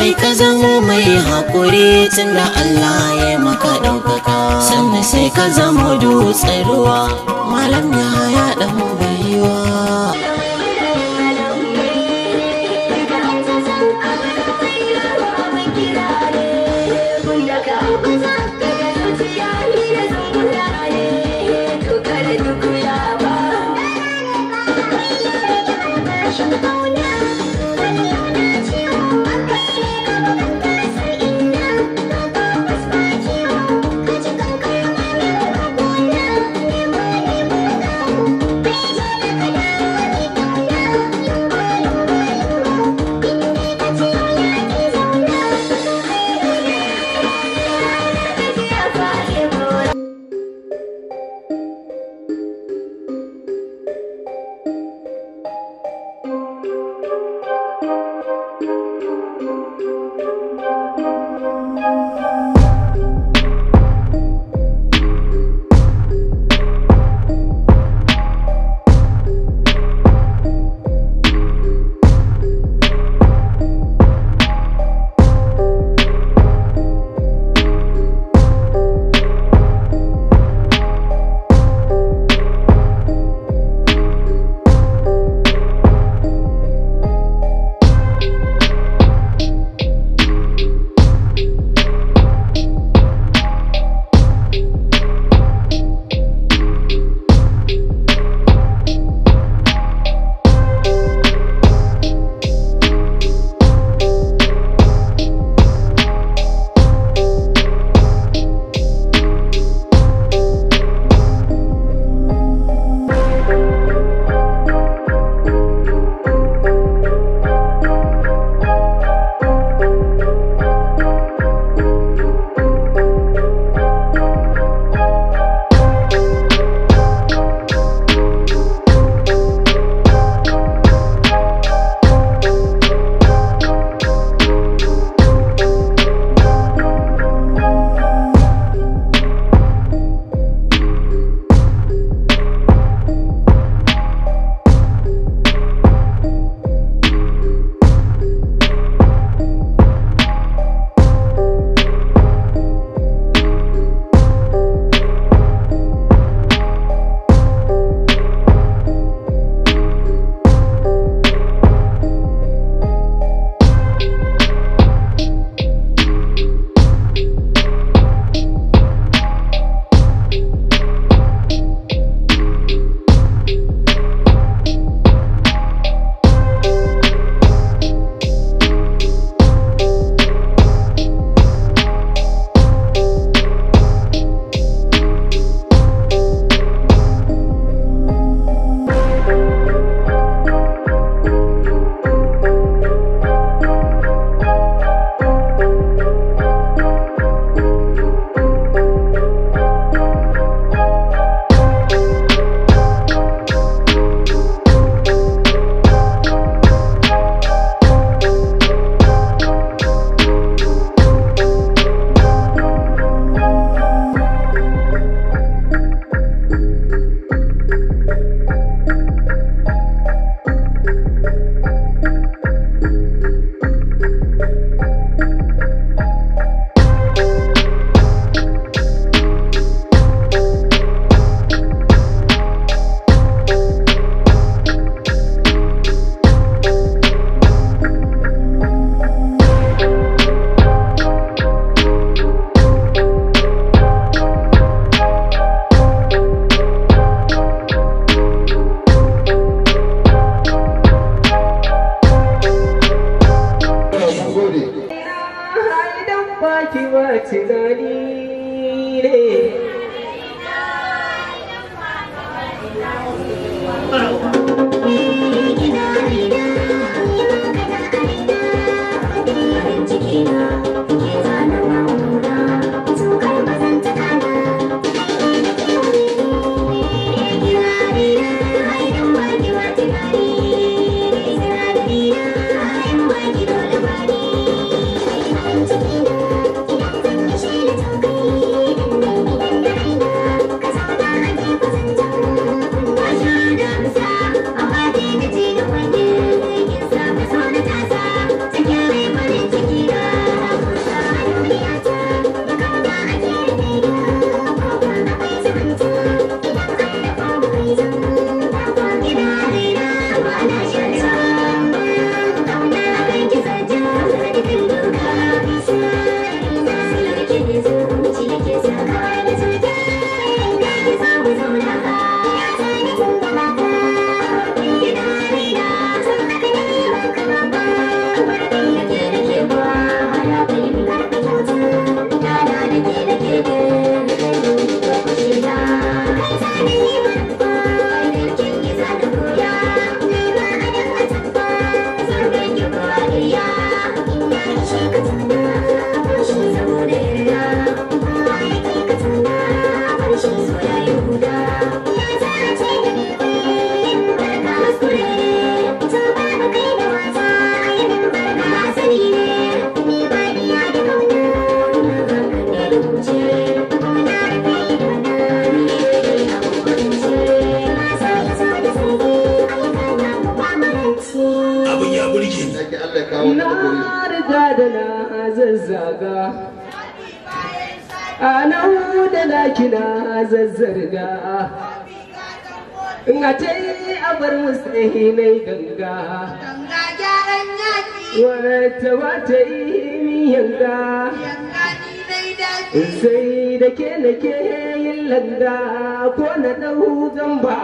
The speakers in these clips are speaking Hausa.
sai ka zamo mai haƙuri tunda Allah ya maka ɗaukaka sannan sai ka zamo dutsen ruwa malam ya yaɗa mu baiwa abin ya burge ni na riga da na zazzaga a ana da laki na zazzarga in a ta yi abar musulmi mai ganga ganga ta ba ta yi miyanga sai da ke na ke yin landa ko na ɗau zamba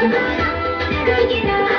Thank you.